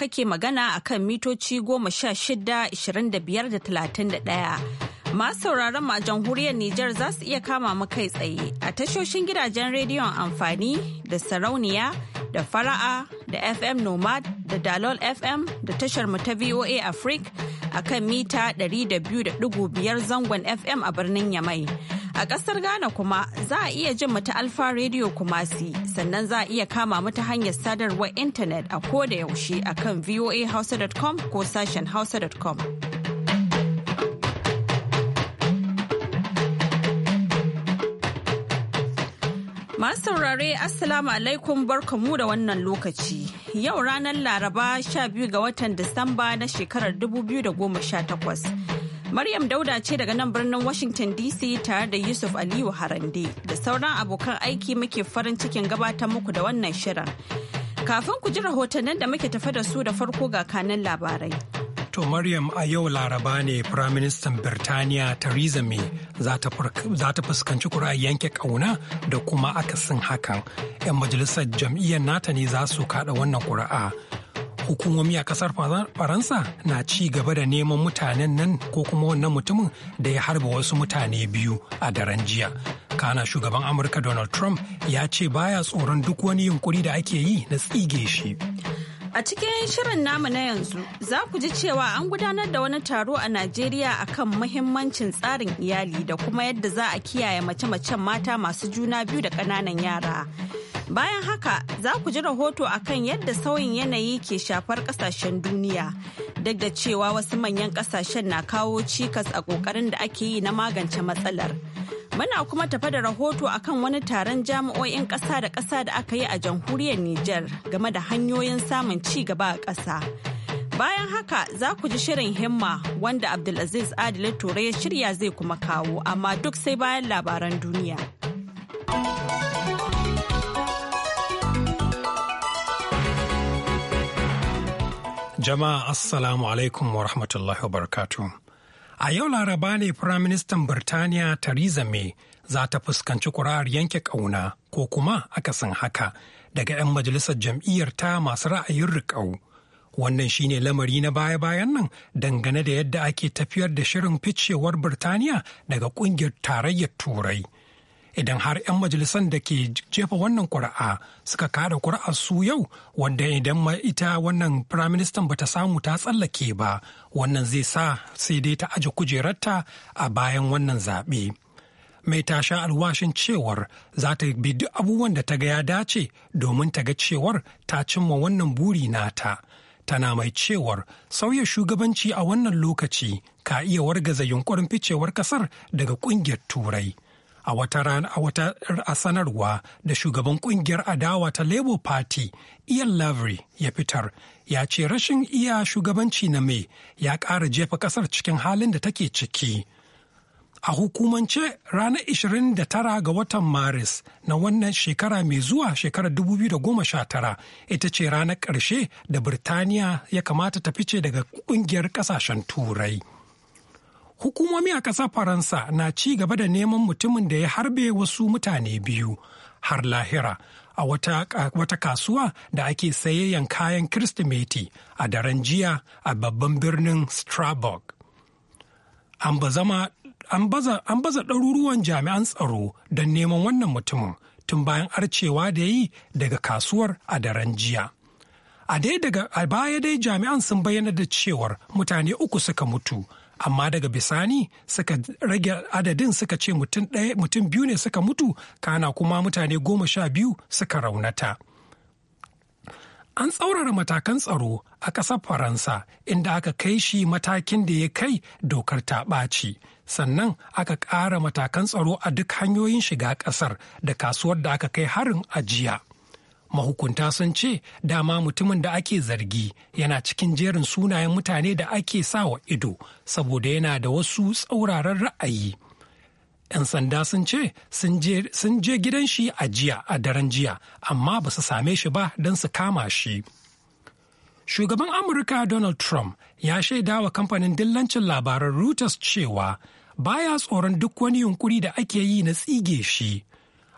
kake magana a kan mitoci goma sha shida, ashirin da biyar da talatin da ɗaya. Masu sauraron ma jamhuriyar Nijar za su iya kama mu kai tsaye a tashoshin gidajen rediyon amfani da sarauniya da fara'a da FM Nomad da Dalol FM da tashar mu ta VOA Africa a kan mita 200.5 zangon FM a birnin Yamai. A ƙasar Ghana kuma za a iya jin mu ta Alfa Radio Kumasi sannan za a iya kama mu ta hanyar sadarwar intanet a ko da yaushe a kan voahausa.com ko sashen hausa.com. Masu saurare Assalamu alaikum barkamu da wannan lokaci. Yau ranar Laraba 12 ga watan Disamba na shekarar 2018. Maryam Dauda ce daga nan birnin Washington DC tare da Yusuf Aliyu Harande da sauran abokan aiki muke farin cikin gabatar muku da wannan shirin. Kafin ku ji rahotannin da muke tafa da su da farko ga kanan labarai. To Maryam a yau laraba ne Firaministan Birtaniya Theresa May za ta fuskanci kura yanke kauna da kuma akasin hakan. 'Yan majalisar jam'iyyar nata ne za su kaɗa wannan kura'a. Hukumomi a ƙasar Faransa na ci gaba da neman mutanen nan ko kuma wannan mutumin da ya harba wasu mutane biyu a daren jiya. Kana shugaban Amurka Donald Trump ya ce baya tsoron duk wani yunkuri da ake yi na tsige shi. A cikin shirin namu na yanzu za ku ji cewa an gudanar da wani taro a Najeriya akan muhimmancin tsarin iyali da kuma yadda za a kiyaye mace-macen mata masu juna biyu da ƙananan yara. Bayan haka za ku ji rahoto akan yadda sauyin yanayi ke shafar kasashen duniya. Duk da cewa wasu manyan kasashen na kawo cikas a ƙoƙarin da ake yi na magance matsalar. Muna kuma tafa da rahoto akan wani taron jami'o'in ƙasa da ƙasa da aka yi a jamhuriyar Nijar game da hanyoyin samun ci gaba a ƙasa. Bayan haka za ku ji shirin himma wanda Abdulaziz Adile Ture ya shirya zai kuma kawo amma duk sai bayan labaran duniya. Jama'a Assalamu alaikum wa rahmatullahi wa barakatu. A yau Laraba ne Firaministan Birtaniya Theresa May za ta fuskanci kurar yanke ƙauna ko kuma akasin haka daga 'yan majalisar jam'iyyar ta masu ra'ayin riƙau. Wannan shi ne lamari na baya-bayan nan dangane da yadda ake tafiyar da shirin ficewar Birtaniya daga ƙungiyar tarayyar Turai. idan har 'yan majalisan da ke jefa wannan ƙuri'a suka kada ƙuri'ar su yau wanda idan ma ita wannan firaministan bata samu ta tsallake ba wannan zai sa sai dai ta aji kujerarta a bayan wannan zaɓe. mai tasha alwashin cewar za ta bi duk abubuwan da ta ga ya dace domin ta ga cewar ta cimma wannan buri nata. tana mai cewar sauya shugabanci a wannan lokaci ka iya wargaza yunkurin ficewar kasar daga kungiyar turai. a wata a sanarwa da shugaban kungiyar adawa ta labour party ian lavery ya fitar ya ce rashin iya shugabanci na mai ya ƙara jefa ƙasar cikin halin da take ciki a hukumance ranar 29 ga watan maris na wannan shekara mai zuwa shekarar 2019 ita ce ranar ƙarshe da birtaniya ya kamata ta fice daga ƙungiyar ƙasashen turai Hukumomi a ƙasar Faransa na ci gaba da neman mutumin da ya harbe wasu mutane biyu har lahira a wata, kasuwa da ake sayayyan kayan Kirsimeti a daren jiya a babban birnin Strasbourg. An baza ɗaruruwan jami'an tsaro don neman wannan mutumin tun bayan arcewa da yi daga kasuwar a daren jiya. a baya dai jami'an sun bayyana da cewar mutane uku suka mutu amma daga bisani suka rage adadin suka ce mutum biyu ne suka mutu kana kuma mutane goma sha biyu suka raunata an tsaurara matakan tsaro a ƙasar faransa inda aka kai shi matakin da ya kai dokar ta ɓaci sannan aka ƙara matakan tsaro a duk hanyoyin shiga ƙasar da kasuwar da aka kai harin ajiya mahukunta sun ce dama mutumin da ake zargi yana cikin jerin sunayen mutane da ake sawa ido saboda yana da wasu tsauraran ra'ayi 'yan sanda sun ce sun je gidan shi a jiya a daren jiya amma ba su same shi ba don su kama shi shugaban amurka donald trump ya shaida wa kamfanin dillancin labaran reuters cewa baya tsoron duk wani yunkuri da ake yi na tsige shi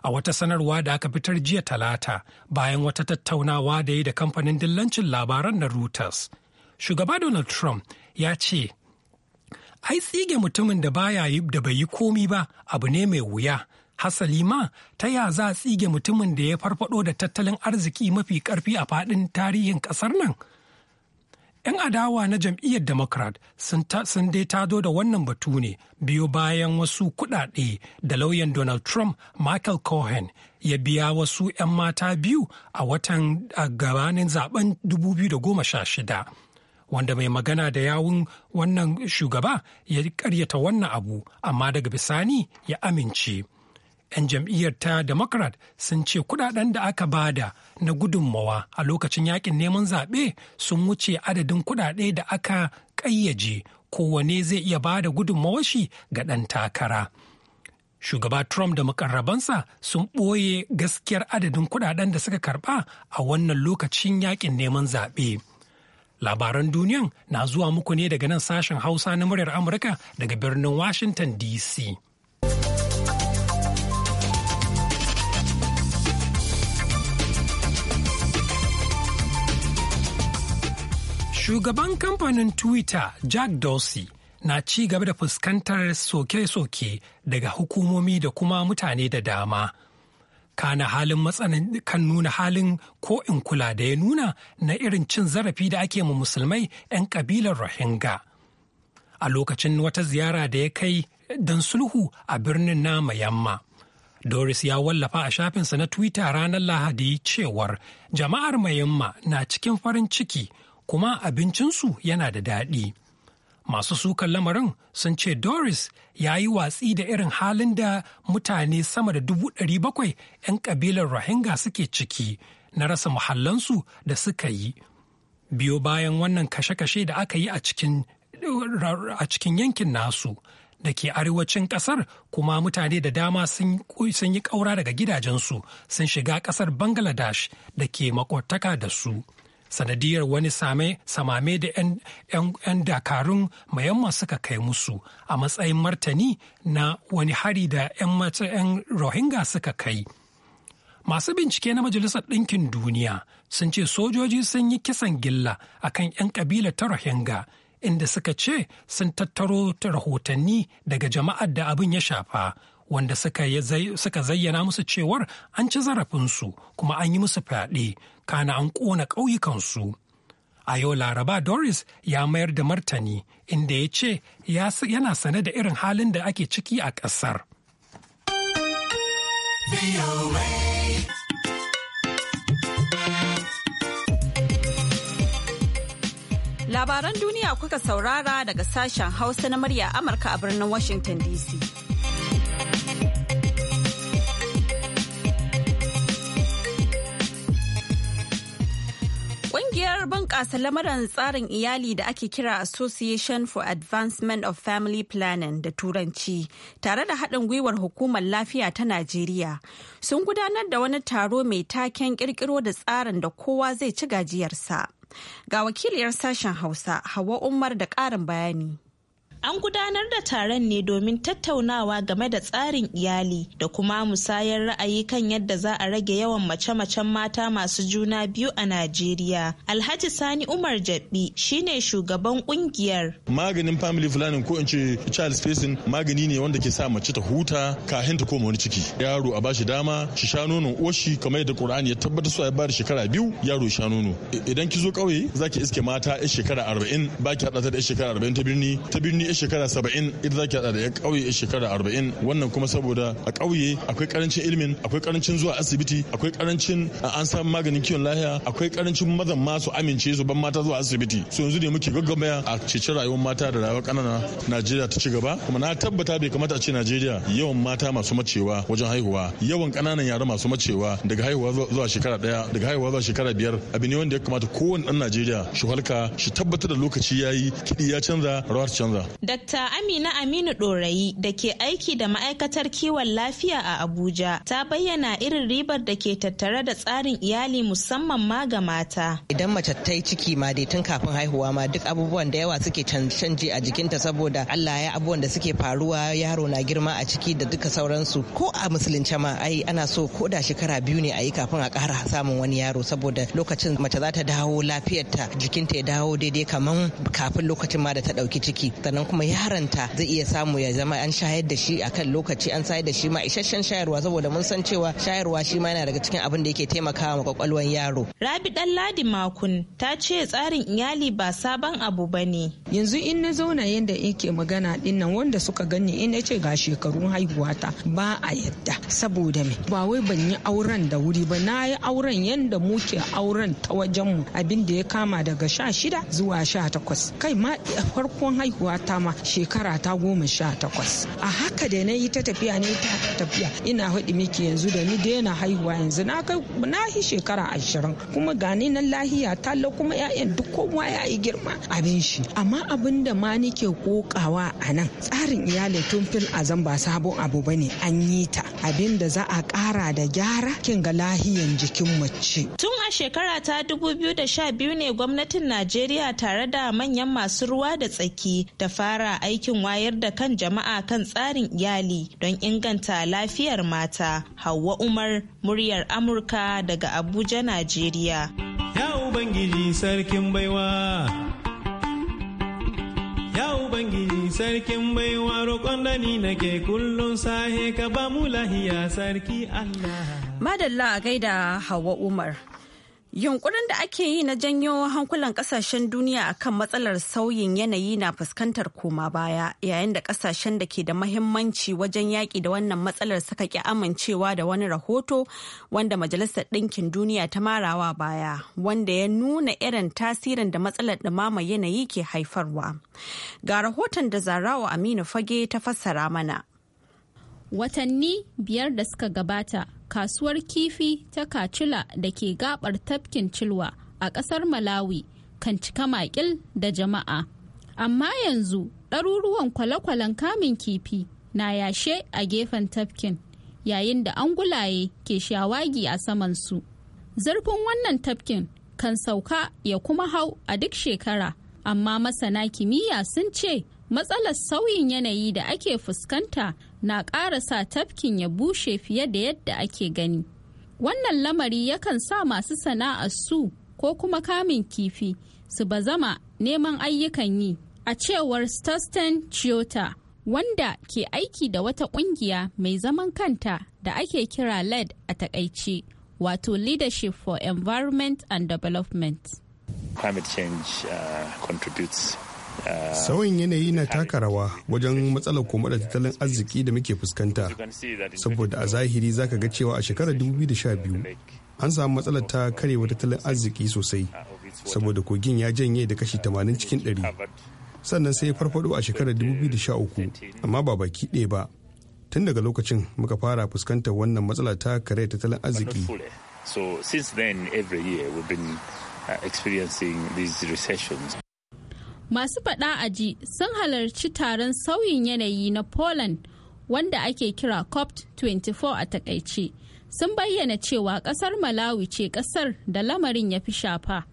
a wata sanarwa da aka fitar jiya talata bayan wata tattaunawa da yi da kamfanin dillancin labaran na Reuters. Shugaba Donald Trump ya ce, Ai tsige mutumin da baya yi da bai yi komi ba abu ne mai wuya. Hasali ma ta ya za tsige mutumin da ya farfado da tattalin arziki mafi karfi a faɗin tarihin ƙasar nan? 'Yan adawa na jam'iyyar Democrat sun dai tado da wannan batu ne biyo bayan wasu kuɗaɗe da lauyan Donald Trump Michael Cohen ya biya wasu 'yan mata biyu a watan gabanin zaben 2016. Wanda mai magana da yawun wannan shugaba ya karyata wannan abu amma daga bisani ya amince. 'yan jam'iyyar ta democrat sun ce kudaden da aka bada na gudunmawa a lokacin yakin neman zaɓe sun wuce adadin kudade da aka ƙayyaje kowane zai iya bada gudunmawa shi ga ɗan takara shugaba trump da makarrabansa sun ɓoye gaskiyar adadin kudaden da suka karɓa a wannan lokacin yakin neman zaɓe. labaran duniyan na zuwa muku ne daga nan sashen hausa na muryar amurka daga birnin washington dc Shugaban kamfanin Twitter Jack Dorsey na ci gaba da fuskantar soke-soke daga hukumomi da kuma mutane da dama. Kana halin matsanin kan nuna halin ko in kula da ya nuna na irin cin zarafi da ake ma musulmai 'yan kabilar Rohingya. A lokacin wata ziyara da ya kai don sulhu a birnin na Mayamma. Doris ya wallafa a shafinsa na Twitter ranar Lahadi cewar jama'ar Mayamma na cikin farin ciki kuma abincinsu yana da daɗi. Masu sukan lamarin sun ce Doris ya yi watsi da irin halin da mutane sama da dubu ɗari bakwai 'yan ƙabilar Rohingya suke ciki na rasa muhallansu da suka yi. Biyo bayan wannan kashe-kashe da aka yi a cikin yankin nasu da ke arewacin ƙasar kuma mutane da dama sun yi ƙaura daga gidajensu sun shiga ƙasar Bangladesh da ke makwataka da su. sanadiyar wani samame da 'yan dakarun mayamma suka kai musu a matsayin martani na wani hari da 'yan rohingya suka kai masu bincike na majalisar ɗinkin duniya sun ce sojoji sun yi kisan gilla a kan 'yan ƙabila ta rohingya inda suka ce sun tattaro rahotanni daga jama'ar da abin ya shafa wanda suka zayyana musu cewar an ci zarafinsu kuma an yi musu fyaɗe kana an ƙona ƙauyukansu. A yau Laraba Doris ya mayar da martani inda ya ce yana sane da irin halin da ake ciki a ƙasar. Labaran duniya kuka saurara daga sashen Hausa na murya Amurka a birnin Washington DC. Hukumar bunƙasa lamarin tsarin iyali da ake kira Association for Advancement of Family Planning da Turanci, tare da haɗin gwiwar Hukumar Lafiya ta Najeriya, sun gudanar da wani taro mai taken ƙirƙiro da tsarin da kowa zai ci gajiyarsa. Ga wakiliyar sashen Hausa, Hawa Umar da ƙarin bayani. An gudanar da taron ne domin tattaunawa game da tsarin iyali da kuma musayar ra'ayi kan yadda za a rage yawan mace-macen mata masu juna biyu a Najeriya. Alhaji Sani Umar Jabbi shine shugaban kungiyar. Maganin family planning ko in ce child spacing magani ne wanda ke sa mace ta huta kafin ta koma wani ciki. Yaro a bashi dama shi sha nonon oshi kamar yadda Qur'ani ya tabbatar su ya bada shekara biyu yaro sha nono. Idan ki zo ƙauye zaki iske mata 'yan shekara arba'in baki haɗa ta da 'yan shekara arba'in ta birni ta birni ya shekara saba'in idan za ki haɗa da ya ƙauye ya shekara arba'in wannan kuma saboda a ƙauye akwai ƙarancin ilimin akwai ƙarancin zuwa asibiti akwai ƙarancin an samu maganin kiwon lahiya akwai ƙarancin mazan ma su amince su ban mata zuwa asibiti so yanzu ne muke gaggamaya a ceci rayuwar mata da rayuwar ƙanana najeriya ta ci gaba kuma na tabbata bai kamata a ce najeriya yawan mata masu macewa wajen haihuwa yawan ƙananan yara masu macewa daga haihuwa zuwa shekara ɗaya daga haihuwa zuwa shekara biyar abu ne wanda ya kamata kowane ɗan najeriya shi halka shi tabbatar da lokaci ya yi kiɗi ya canza rawar canza Dr. Amina Aminu Dorayi da ke aiki da ma'aikatar kiwon lafiya a Abuja ta bayyana irin ribar da ke tattare da tsarin iyali musamman ma ga mata. Idan mace ta yi ciki ma dai tun kafin haihuwa ma duk abubuwan da yawa suke canji a jikinta saboda Allah ya abubuwan da suke faruwa yaro na girma a ciki da duka sauransu ko a musulunce ma ai ana so ko da shekara biyu ne a yi kafin a ƙara samun wani yaro saboda lokacin mace za ta dawo lafiyarta jikinta ya dawo daidai kaman kafin lokacin ma da ta ɗauki ciki sannan kuma yaranta zai iya samu ya zama an shayar da shi akan lokaci an sayar da shi ma isasshen shayarwa saboda mun san cewa shayarwa shi ma yana daga cikin abin da yake taimakawa ma kwakwalwar yaro. Rabi dan Ladi Makun ta ce tsarin iyali ba sabon abu ba ne. Yanzu in na zauna yadda yake magana dinnan wanda suka gani in na ce ga shekarun haihuwata ba a yadda saboda me ba wai ban yi auren da wuri ba na yi auren yadda muke auren ta wajenmu abin da ya kama daga sha shida zuwa sha takwas kai ma farkon haihuwata sama shekara ta goma sha takwas a haka da na yi ta tafiya ne ta tafiya ina haɗi miki yanzu da ni daina haihuwa yanzu na kai na yi shekara ashirin kuma gani nan lahiya talla kuma 'ya'yan duk kowa ya yi girma abin shi amma abin da ma nike kokawa a nan tsarin iyali tun fil azan ba sabon abu ba ne an yi ta abin da za a kara da gyara kin ga lahiyan jikin mace tun a shekara ta biyu ne gwamnatin najeriya tare da manyan masu ruwa da tsaki da fara aikin wayar da kan jama'a kan tsarin iyali don inganta lafiyar mata. hawa Umar, muryar Amurka daga Abuja, Najeriya. Ya Ubangiji sarkin baiwa. Ya Ubangiji sarkin baiwa roƙon da ni nake kullum sahe ka ba mu lahiya sarki Allah. Madalla a gaida Hauwa Umar. Yunkurin da ake yi na janyo hankulan kasashen duniya a kan matsalar sauyin yanayi na fuskantar koma baya yayin da kasashen da ke da mahimmanci wajen yaƙi da wannan matsalar suka ƙi amincewa da wani rahoto wanda Majalisar Ɗinkin Duniya ta marawa baya wanda ya nuna irin tasirin da matsalar ɗumamar yanayi ke haifarwa. Ga rahoton da Zarawa Aminu Fage ta fassara mana. Watanni biyar da suka gabata kasuwar kifi ta kacula da ke gabar tafkin cilwa a ƙasar malawi kan cika makil da jama'a amma yanzu ɗaruruwan kwale-kwalen kamun kifi na yashe a gefen tafkin yayin da angulaye ke shawagi a samansu zurfin wannan tafkin kan sauka ya kuma hau a duk shekara amma masana kimiyya sun ce matsalar sauyin yanayi da ake fuskanta na ƙara sa tafkin ya bushe fiye da yadda ake gani wannan lamari yakan sa masu sana'ar su ko kuma kamin kifi su ba zama neman ayyukan yi a cewar Stusten Chiota wanda ke aiki da wata ƙungiya mai zaman kanta da ake kira LED a takaice wato Leadership for Environment and Development. Climate change uh, contributes sauyin yanayi na taka rawa wajen matsalar koma da tattalin arziki da muke fuskanta saboda a zahiri zaka ga cewa a shekarar 2012 an samu matsalar ta karewa tattalin arziki sosai saboda kogin ya janye da kashi 80 cikin 100 sannan sai ya farfado a shekarar 2013 amma ba baki ɗaya ba tun daga lokacin muka fara fuskantar wannan matsala ta kare tattalin arziki So since then, every year we've been uh, experiencing these recessions. masu faɗa a ji sun halarci taron sauyin yanayi na poland wanda ake kira cop 24 a takaice sun bayyana cewa ƙasar malawi ce ƙasar da lamarin ya fi shafa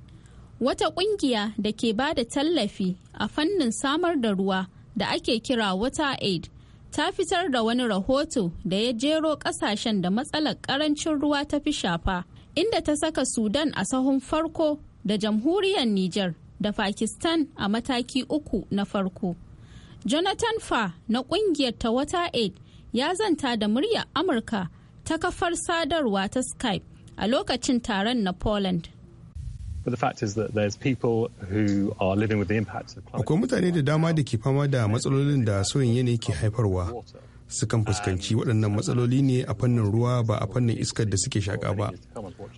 wata ƙungiya da ke ba da tallafi a fannin samar da ruwa da ake kira water aid ta fitar da wani rahoto da ya jero ƙasashen da matsalar ƙarancin ruwa ta fi shafa inda ta saka sudan a sahun farko da jamhuriyar niger da Pakistan a mataki uku na farko. Jonathan Fa na kungiyar Tawata Aid ya zanta da murya Amurka ta kafar sadarwa ta Skype a lokacin taron na Poland. Akwai mutane da dama da ke fama da matsalolin da sauyin yanayi ke haifarwa. Sukan fuskanci waɗannan matsaloli ne a fannin ruwa ba a fannin iskar da suke shaƙa ba.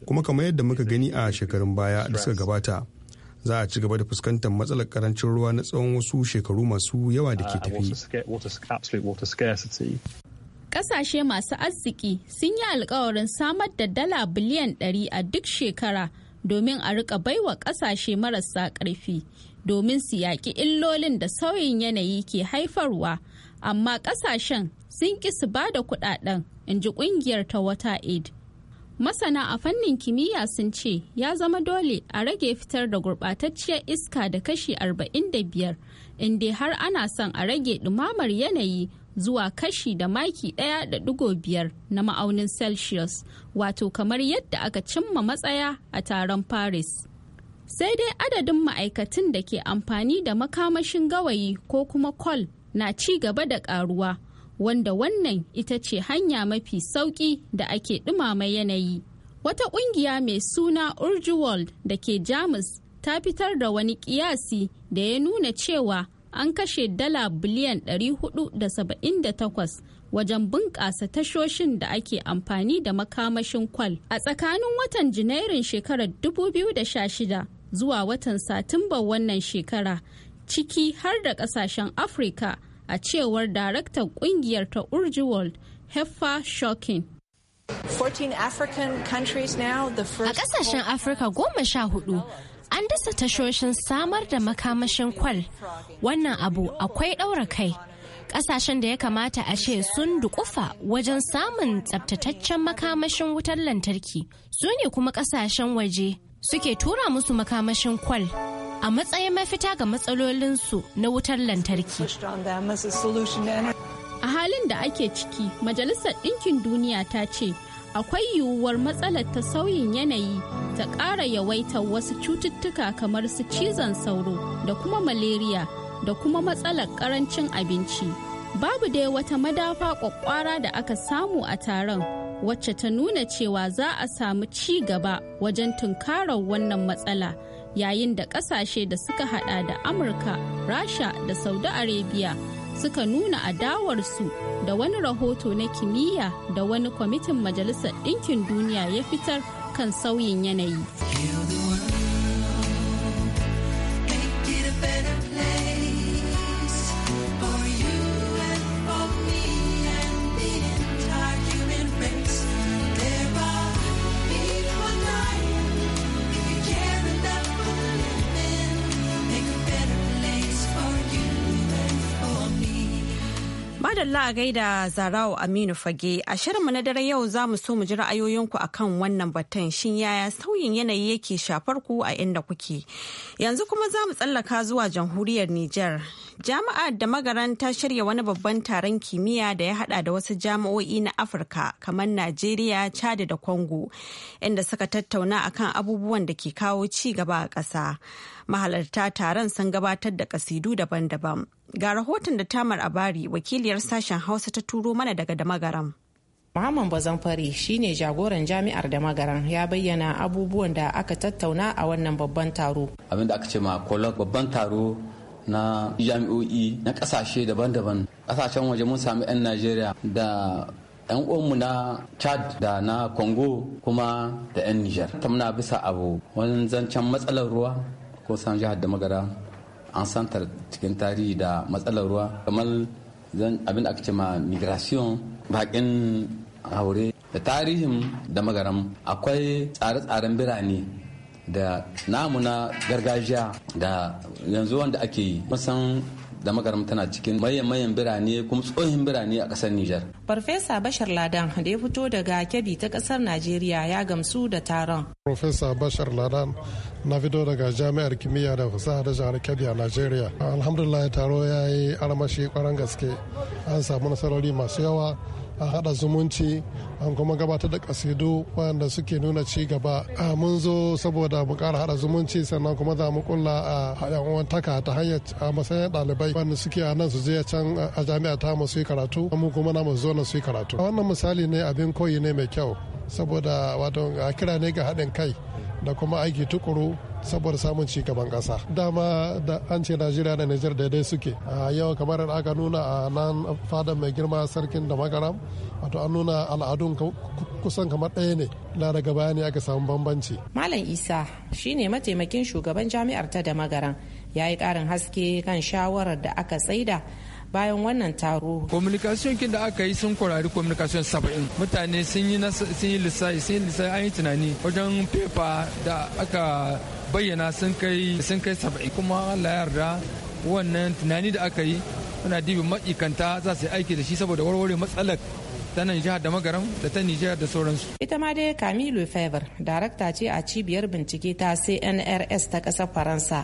Kuma kamar yadda muka gani a shekarun baya da suka gabata. za a ci gaba da fuskantar matsalar karancin ruwa na tsawon wasu shekaru masu yawa da ke uh, tafi. Kasashe masu arziki sun yi alkawarin samar da dala biliyan 100 a duk shekara domin a rika baiwa ƙasashe marasa ƙarfi domin su yaƙi illolin da sauyin yanayi ke haifarwa amma ƙasashen sun ƙi su ba da kuɗaɗen in ji ƙungiyar ta wata aid masana a fannin kimiyya sun ce ya zama dole a rage fitar da gurɓatacciyar iska da kashi 45 inda har ana son a rage dumamar yanayi zuwa kashi da maki 1.5 na ma'aunin celsius wato kamar yadda aka cimma matsaya a taron paris sai dai adadin ma'aikatan da ke amfani da makamashin gawayi ko kuma kol na ci gaba da karuwa wanda wannan ita ce hanya mafi sauƙi da ake dumama yanayi. Wata ƙungiya mai suna Urge World da ke Jamus ta fitar da wani ƙiyasi da ya nuna cewa an kashe dala biliyan 478 wajen bunƙasa tashoshin da ake amfani da makamashin kwal a tsakanin watan janairun shekarar 2016 zuwa watan satumba wannan shekara ciki har da ƙasashen Afrika. a cewar daraktan kungiyar ta urji world heffa shocking a kasashen afirka goma sha hudu an dasa tashoshin samar da makamashin kwal wannan abu akwai ɗaura kai kasashen da ya kamata a ce sun duƙufa wajen samun tsabtataccen makamashin wutar lantarki su ne kuma kasashen waje suke tura musu makamashin kwal. a matsayin mafita ga matsalolinsu na wutar lantarki. A halin da ake ciki, Majalisar Ɗinkin Duniya ta ce akwai yiwuwar matsalar ta sauyin yanayi ta ƙara yawaitar wasu cututtuka kamar su cizon sauro da kuma malaria da kuma matsalar ƙarancin abinci. Babu dai wata madafa ƙwaƙwara da aka samu a taron wacce ta nuna cewa za a samu ci gaba wajen tunkarar wannan matsala. yayin da kasashe da suka hada da amurka rasha da saudi arabia suka nuna adawarsu da wani rahoto na kimiyya da wani kwamitin majalisar ɗinkin duniya ya fitar kan sauyin yanayi. Alhamdulillah a gaida zarawo aminu fage a shirinmu na dare yau za mu so mu ji ra'ayoyinku a kan wannan batun shin yaya sauyin yanayi yake shafar ku a inda kuke yanzu kuma za mu tsallaka zuwa jamhuriyar nijar Jami'ar da magaran ta shirya wani babban taron kimiyya da ya hada da wasu jami'o'i na Afirka kamar Najeriya, Chad da Congo, inda suka tattauna akan abubuwan da ke kawo ci gaba a ƙasa. Mahalarta taron sun gabatar da kasidu daban-daban. Ga rahoton da Tamar Abari, wakiliyar sashen Hausa ta turo mana daga da magaran. Muhammad Bazanfari shine jagoran jami'ar da magaran ya bayyana abubuwan da aka tattauna a wannan babban taro. Abin da aka ce ma babban taro na jami'o'i na kasashe daban-daban kasashen waje mun sami 'yan najeriya da 'yan uwanmu na chad da na congo kuma da 'yan niger ta muna bisa abu wani zancen matsalar ruwa ko san jihar da magara an santar cikin tarihi da matsalar ruwa kamar abin da aka ce ma migration bakin haure da tarihin da magaram akwai tsare-tsaren birane da namu na gargajiya da yanzu wanda ake yi musan da magaram tana cikin mayan mayan birane kuma tsohin birane a kasar Nijar. Farfesa Bashar Ladan da ya fito daga Kebbi ta kasar Najeriya ya gamsu da taron. Farfesa Bashar Ladan na fito daga Jami'ar Kimiyya da Fasaha da Jihar Kebbi a Najeriya. Alhamdulillah taro ya yi armashi ƙwarar gaske an samu nasarori masu yawa a hada zumunci an kuma gabatar da kasidu wanda suke nuna ci gaba mun zo saboda mu kara hada zumunci sannan kuma za mu kulla a yan uwan taka ta hanyar a matsayin dalibai wanda suke a nan su je can a jami'a ta mu su yi karatu mu kuma na mu zo na su yi karatu wannan misali ne abin koyi ne mai kyau saboda wato kira ne ga haɗin kai da kuma aiki tukuru saboda samun ci gaban kasa dama da an ce najeriya da nijar daidai suke a yau kamar aka nuna a nan fadar mai girma sarkin da magaram wato an nuna al'adun kusan kamar ɗaya ne na daga baya aka samu bambanci malam isa shine mataimakin shugaban jami'ar ta da magaran ya yi ƙarin haske kan shawarar da aka tsaida bayan wannan taro. Communication kin da aka yi sun kurari communication saba'in. Mutane sun yi lissafi an yi tunani wajen pepa da aka bayyana sun kai sun kai saba'in kuma Allah yarda wannan tunani da aka yi muna dibin ma'aikanta za su yi aiki da shi saboda warware matsalar ta nan jihar da magaram da ta nijar da sauransu. ita ma dai camille fever darakta ce a cibiyar bincike ta cnrs ta kasar faransa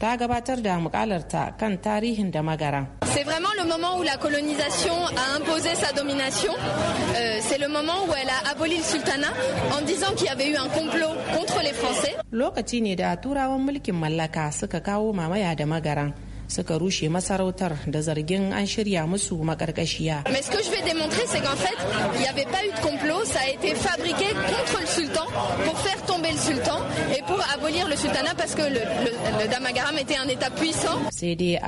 ta gabatar da mukalarta kan tarihin da magaran. C'est vraiment le moment où la colonisation a imposé sa domination. Euh, c'est le moment où elle a aboli le sultanat en disant qu'il y avait eu un complot contre les Français. Lokaci ne da turawan mulkin mallaka suka kawo mamaya da magaran. suka rushe masarautar da zargin an shirya musu makarkashiya. Mais ce que je vais démontrer c'est qu'en fait, il n'y avait pas eu de complot, ça a été fabriqué contre le sultan pour faire tomber le sultan et pour abolir le sultanat parce que le, le, le Damagaram était un état puissant. Sai dai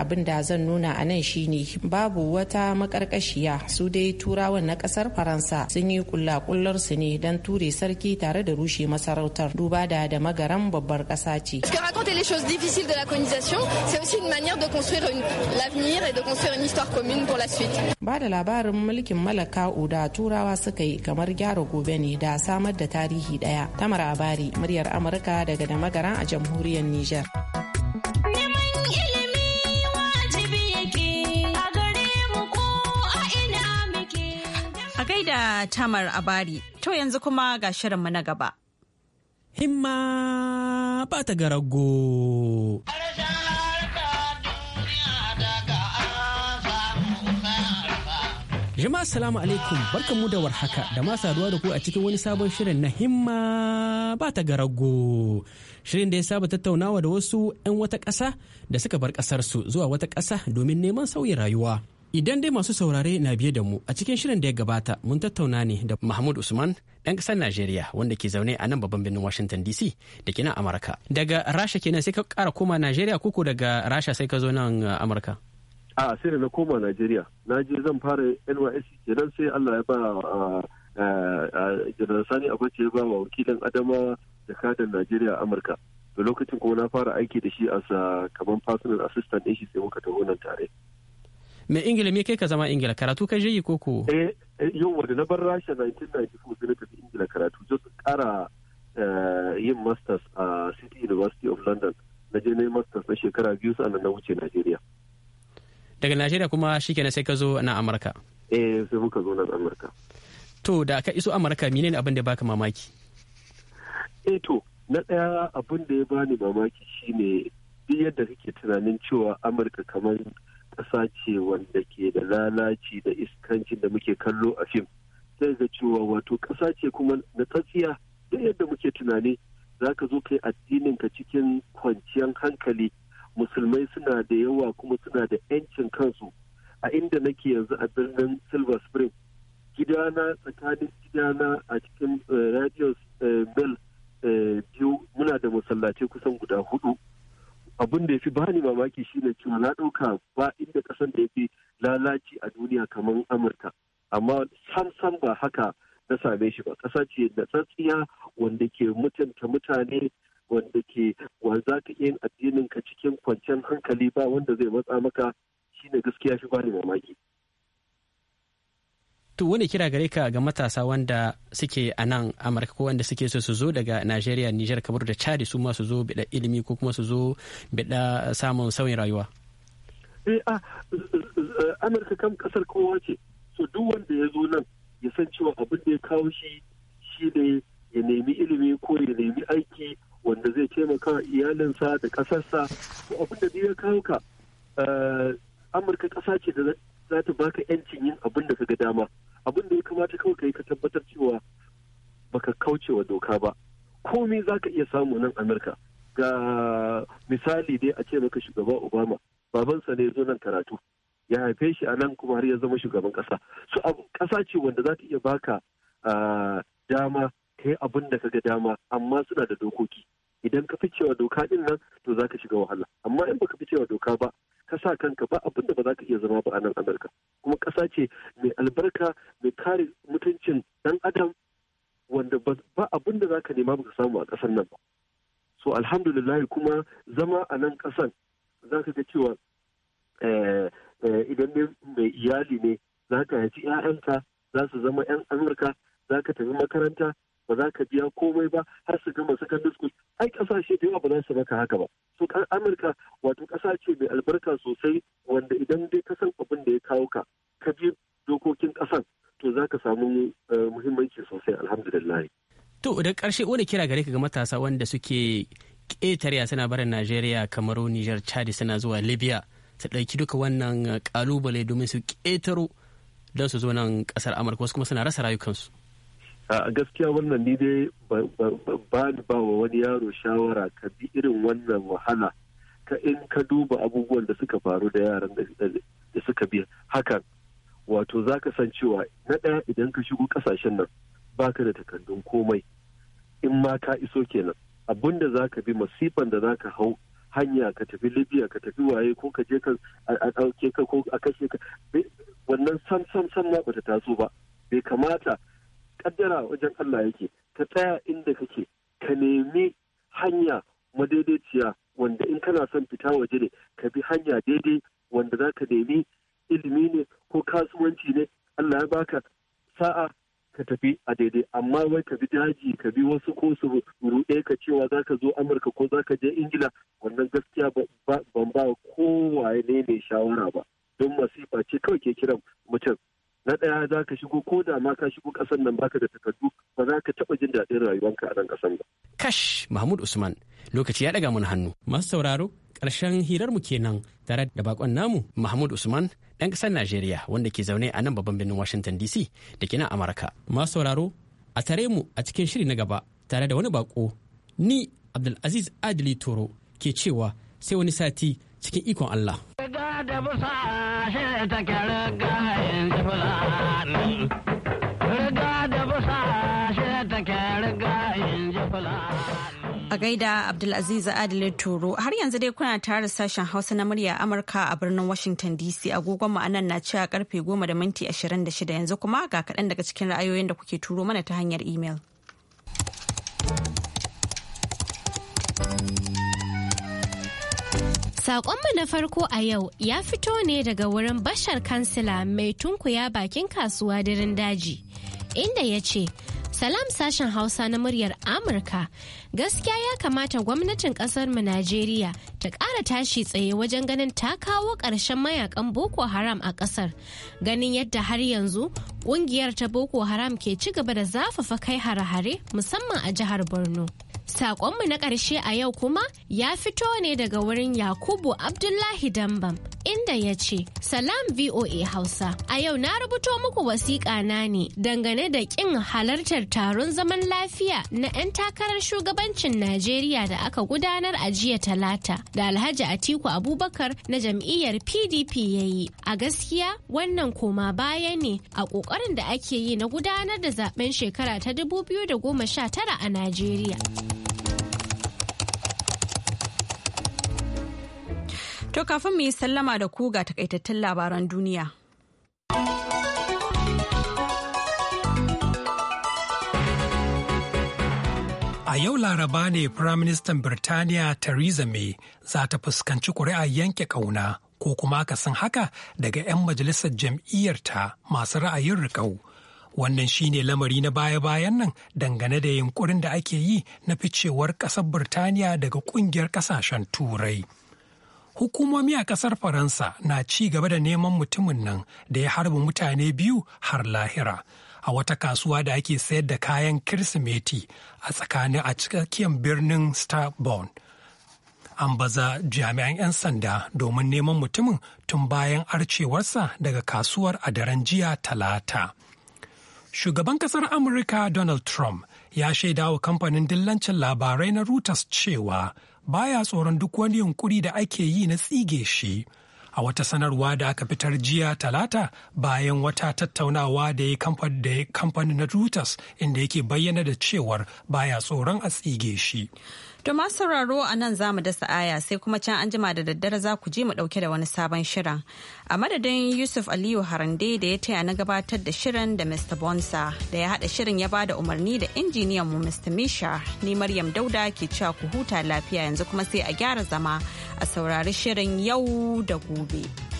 zan nuna a nan shine babu wata makarkashiya su dai turawan na kasar Faransa sun yi kullakullar su ne dan ture sarki tare da rushe masarautar duba da da babbar kasa ce. Ce que raconter les choses difficiles de la colonisation, c'est aussi une manière de construire l'avenir et de construire une histoire commune pour la suite. Ba da labarin mulkin malaka'u da turawa suka yi kamar gyara gobe ne da samar da tarihi daya. Tamara Abari, muryar Amurka daga da a jamhuriyar Nijar. A gaida Tamar Abari, to yanzu kuma ga shirinmu na gaba. Himma ba ta garago. Jama'a salamu alaikum mu da warhaka da ma saduwa da ku a cikin wani sabon shirin na himma ba ta garago. Shirin da ya saba tattaunawa da wasu 'yan wata ƙasa da suka bar ƙasarsu zuwa wata ƙasa domin neman sauyin rayuwa. Idan dai masu saurare na biye da mu a cikin shirin da ya gabata mun tattauna ne da Mahmud Usman ɗan ƙasar Najeriya wanda ke zaune a nan babban birnin Washington DC da ke nan Amurka. Daga Rasha kenan sai ka ƙara koma Najeriya ko daga Rasha sai ka zo nan uh, Amurka. a sai da na koma najeriya na je zan fara nysc kenan sai allah ya ba janar sani abace ya ba wa wakilin adama jakadar najeriya amurka da lokacin kuma na fara aiki da shi a kaman personal assistant ɗin shi sai muka taho nan tare me ingila me kai ka zama ingila karatu ka je yi koko eh, eh yau wanda na bar rasha 1994 sai na tafi ingila karatu just kara eh, yin masters a city university of london na je na yi masters na shekara biyu sannan na wuce najeriya daga najeriya kuma shikenan sai ka zo na amurka eh sai muka zo nan amurka to da ka iso amurka ne abin da baka mamaki eh to na ɗaya abin da ya bani mamaki shine duk yadda kake tunanin cewa amurka kamar ƙasa ce wanda ke da lalaci da iskancin da muke kallo a fim sai ga cewa wato ƙasa ce kuma na tsatsiya duk yadda muke tunani za ka zo kai addinin ka cikin kwanciyar hankali musulmai suna da yawa kuma suna da 'yancin kansu a inda nake yanzu a birnin silver spring gidana tsakanin gidana a cikin eh, radius eh, bell eh, biyu muna da masallaci kusan guda hudu abin da ya fi bani mamaki shine cewa na ɗauka ba inda ƙasan da ya fi lalaci a duniya kamar amurka amma sam sam ba haka na same shi ba ƙasa ce da tsatsiya wanda ke mutunta mutane wanda ke wa za ka yin addinin ka cikin kwanciyar hankali ba wanda zai matsa maka shine gaskiya shi bani mamaki to wani kira gare ka ga matasa wanda suke a nan amurka ko wanda suke so su zo daga najeriya nijar kamar da Chad su ma su zo bida ilimi ko kuma su zo bida samun sauyin rayuwa eh a ah, amurka kam kasar kowa ce so duk wanda ya zo nan ya san cewa abin da ya kawo shi shi ne ya nemi ilimi ko ya nemi aiki wanda zai taimaka iyalinsa da kasarsa. Ko abin da ya kawo ka eh, amurka kasa ce da za ta baka yancin yin abin da ga dama abin da ya kamata kawai ka yi ka tabbatar cewa baka wa doka ba komai za ka iya samu nan amurka ga misali dai a ce maka shugaba obama babansa ne zo nan karatu ya haife shi a nan kuma har ya zama shugaban kasa su abu kasa ce wanda za ta iya baka eh, dama ka yi abin da ka ga dama amma suna da dokoki idan ka fi cewa doka din nan to za ka shiga wahala amma in baka fi cewa doka ba ka sa kanka ba abin da ba za ka iya zama ba a nan amurka kuma ƙasa ce mai albarka mai kare mutuncin ɗan adam wanda ba abin da za ka nema ba ka samu a ƙasan nan ba so alhamdulillah kuma zama a nan ƙasan za ka ga cewa eh, eh, idan mai iyali ne za ka haifi 'ya'yanka za su zama 'yan amurka za ka tafi makaranta ba za ka biya komai ba har su gama secondary school ai kasashe da yawa ba za su maka haka ba so amurka wato kasa ce mai albarka sosai wanda idan dai ka san abin da ya kawo ka ka bi dokokin kasan to za ka samu eh, muhimmanci sosai alhamdulillah to da karshe wani kira gare ka ga matasa wanda suke ƙetare suna barin najeriya kamaru nijar chadi suna zuwa libya su ɗauki duka wannan eh, ƙalubale domin su ƙetaro don su zo nan ƙasar amurka wasu kuma suna rasa rayukansu a gaskiya wannan ni dai ba ni ba wa wani yaro shawara ka bi irin wannan wahala ka in ka duba abubuwan da suka faru da yaran da suka bi hakan wato za ka san cewa na ɗaya idan ka shigo kasashen nan baka da takardun komai in ma ka iso kenan abin da za ka bi masifan da za ka hau hanya ka tafi libya ka tafi waye ko ka je ka a ɗauke ka ko a kashe ka wannan sam sam sam ma bata taso ba bai kamata kaddara wajen Allah yake ka tsaya inda kake ka nemi hanya madaidaiciya wanda in kana son fita waje ne ka bi hanya daidai wanda za ka nemi ilimi ne ko kasuwanci ne Allah ya baka sa'a ka tafi a daidai amma wai ka bi daji ka bi wasu ko su ruɗe ka cewa za ka zo amurka ko za ka je ingila wannan gaskiya ban ba kowa ne ne shawara ba don masifa ce kawai ke kiran mutum na ɗaya za ka shigo ko da ma ka shigo ƙasar nan baka da takardu ba za ka taɓa jin daɗin rayuwanka a nan ƙasar ba. Kash Mahmud Usman lokaci ya ɗaga mun hannu. Masu sauraro ƙarshen hirarmu kenan tare da baƙon namu Mahmud Usman ɗan ƙasar Najeriya wanda ke zaune a nan babban birnin Washington DC da ke nan Amurka. Masu sauraro a tare mu a cikin shiri na gaba tare da wani baƙo ni Abdulaziz Adili Toro ke cewa sai wani sati cikin ikon Allah. da A gaida Abdulaziz Adil Turo har yanzu dai kuna tare sashen Hausa na murya Amurka a birnin Washington DC agogon ma'anan na cewa karfe goma da minti 26 yanzu kuma ga kaɗan daga cikin ra'ayoyin da kuke turo mana ta hanyar imel. Sakonmu na farko a yau ya fito ne daga wurin bashar kansila mai tunkuya bakin kasuwa daren daji, inda ya ce, Salam sashen Hausa na muryar Amurka, gaskiya ya kamata gwamnatin ƙasarmu Najeriya ta ƙara tashi tsaye wajen ganin ta kawo ƙarshen mayakan Boko Haram a ƙasar, ganin yadda har yanzu ƙungiyar ta Boko Haram ke ci gaba da zafafa kai hare-hare musamman a jihar Borno. Sakonmu na ƙarshe a yau kuma ya fito ne daga wurin Yakubu Abdullahi Dambam inda ya ce, Salam VOA Hausa, a yau na rubuto muku wasiƙa na ne dangane da ƙin halartar taron zaman lafiya na 'yan takarar shugabancin Najeriya da aka gudanar a jiya talata da Alhaji Atiku Abubakar na jam'iyyar PDP ya yi. A gaskiya wannan koma baya ne a ƙoƙarin da ake yi na gudanar da zaben shekara ta 2019 a Najeriya. To kafin mu yi sallama da ku ga takaitattun labaran duniya. A yau Laraba ne Firaministan Birtaniya Theresa May za ta fuskanci ƙuri'a yanke ƙauna ko kuma akasin haka daga 'yan majalisar jam'iyyarta masu ra'ayin riƙau. Wannan shi ne lamari na baya-bayan nan dangane da yunkurin da ake yi na ficewar ƙasar Birtaniya daga ƙungiyar ƙasashen Turai. Hukumomi a ƙasar Faransa na ci gaba da neman mutumin nan da ya harbi mutane biyu har lahira. a wata kasuwa da ake sayar da kayan kirsimeti a tsakanin a cikakken birnin starborn an baza jami'an 'yan sanda domin neman mutumin tun bayan arcewarsa daga kasuwar a daren jiya talata shugaban kasar amurka donald trump ya shaidawa kamfanin dillancin labarai na reuters cewa baya tsoron duk wani yunkuri da ake yi na tsige shi. A wata sanarwa da aka fitar jiya talata bayan wata tattaunawa da ya kamfani na Reuters inda yake bayyana da cewar baya tsoron a tsige shi. To ma sauraro a nan za mu dasa aya sai kuma can an jima da daddare za ku ji mu ɗauke da wani sabon shirin. A madadin Yusuf Aliyu Harande da ya taya na gabatar da shirin da Mr. Bonsa da ya haɗa shirin ya bada umarni da injiniyan mu Mr. Misha ni Maryam Dauda ke cewa ku huta lafiya yanzu kuma sai a gyara zama a saurari shirin yau da gobe.